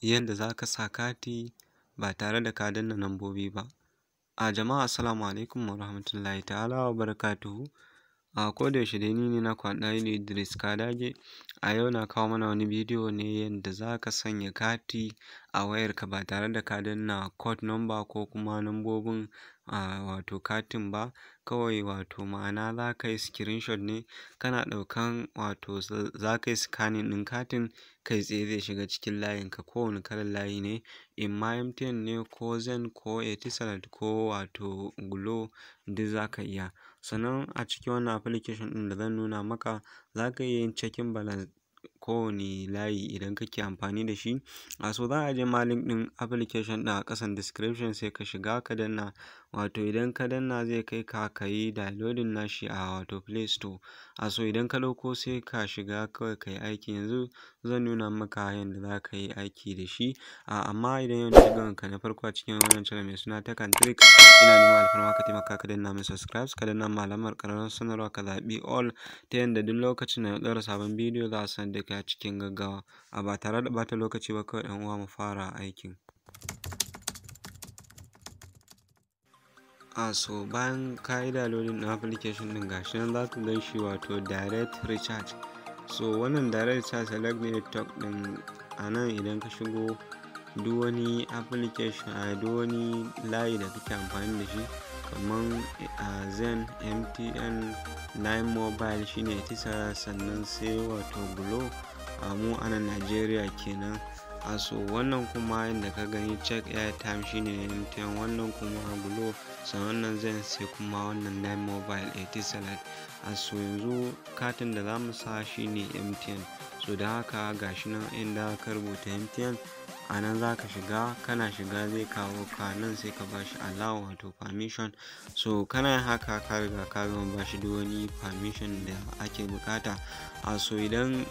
yanda za ka sa kati ba tare da ka danna lambobi ba a jama'a assalamu alaikum wa rahmatullahi ta'ala wa barakatuhu a yaushe dai ni ne na kwaɗa ne Idris Kadage a yau na kawo mana wani bidiyo ne yanda za ka sanya kati a wayarka ba tare da ka danna code number ko kuma lambobin a wato katin ba kawai wato ma'ana za ka yi screenshot ne kana ɗaukan wato za ka yi scanning ɗin katin kai tsaye zai shiga cikin layinka kowane kalan layi ne in ma MTN ne ko Zen ko Etisalat ko wato Glo duk za ka iya sannan a cikin wannan application ɗin da zan nuna maka za ka iya yin checking balance kowane layi idan kake amfani da shi. A so za a je ma link ɗin application din a kasan description sai ka shiga ka danna. Wato idan ka danna zai kai ka ka yi downloading nashi a wato Play Store. A so idan ka dauko sai ka shiga kawai ka yi aiki. Yanzu zan nuna maka yadda za ka yi aiki da shi. A amma idan yau ne shigowanka na farko a cikin wannan channel mai suna Tech and Trick ina neman alfarma ka taimaka ka danna min subscribe ka danna min alamar sanarwa ka zaɓi all ta yadda duk lokacin da na ɗaura sabon bidiyo za a san da a cikin gaggawa a ba tare da ɓata lokaci ba kawai 'yan uwa mu fara aikin a ah, so bayan ka yi downloading ɗin application din gashi nan za ka gan shi wato direct recharge so wannan direct recharge select network ɗin a nan idan ka shigo duk wani application a ah, duk wani layi da kake amfani da shi kamar a ah, zen mtn line mobile shine tisa sannan sai wato glo ah, a mu anan nigeria kenan a so wannan kuma inda ka gani check airtime shine mtn wannan kuma glo sannan wannan zen sai kuma wannan line mobile etisalat a so yanzu katin da za mu sa shine mtn so da haka gashi nan inda ka rubuta mtn a nan za ka shiga kana shiga zai kawo ka nan sai ka bashi allow wato permission so kana haka ka riga ka gama bashi da wani permission da ake bukata a so idan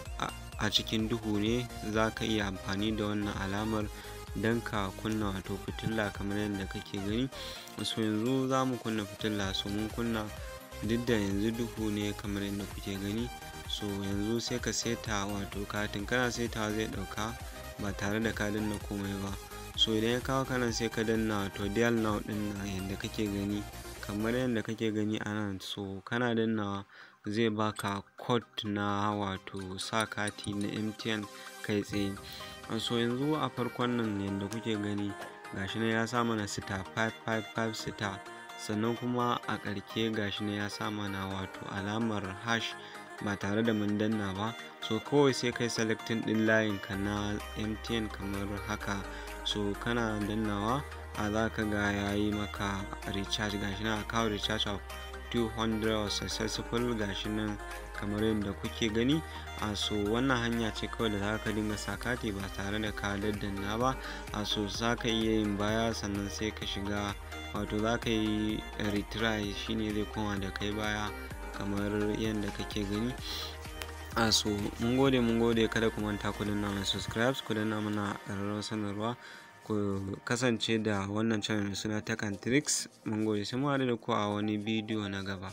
a cikin duhu ne za ka iya amfani da wannan alamar don ka kunna wato fitila kamar yadda kake gani so yanzu za mu kunna fitila so mun kunna duk da yanzu duhu ne kamar yadda kuke gani so yanzu sai ka seta wato katin kana setawa zai dauka ba tare da ka danna komai ba so idan ya kawo kanan sai ka danna to dial now din na yadda kake gani kamar yadda kake gani a nan so kana dannawa zai baka code na wato sa kati na mtn kai tsaye so yanzu a farkon nan yadda kuke gani gashi na ya sa mana sita 555 star sannan kuma a ƙarke gashi na ya sa mana wato alamar hash ba tare da mun danna ba so kawai sai kai selecting din layin ka na mtn kamar haka so kana dannawa a za ka ga yayi maka recharge gashi na account recharge of 200 successful gashi nan kamar yadda kuke gani a so wannan hanya ce kawai da zaka dinga sakati ba tare da ka daddanna ba a so zaka iya yin baya sannan sai ka shiga wato zaka yi retry shine zai koma da kai baya kamar yadda kake gani a so mun gode mun gode kada ku manta ku danna mana subscribe ku danna mana ƙararrawar sanarwa ku kasance da wannan channel suna ta and tricks mun gode sai mu haɗu da ku a wani bidiyo na gaba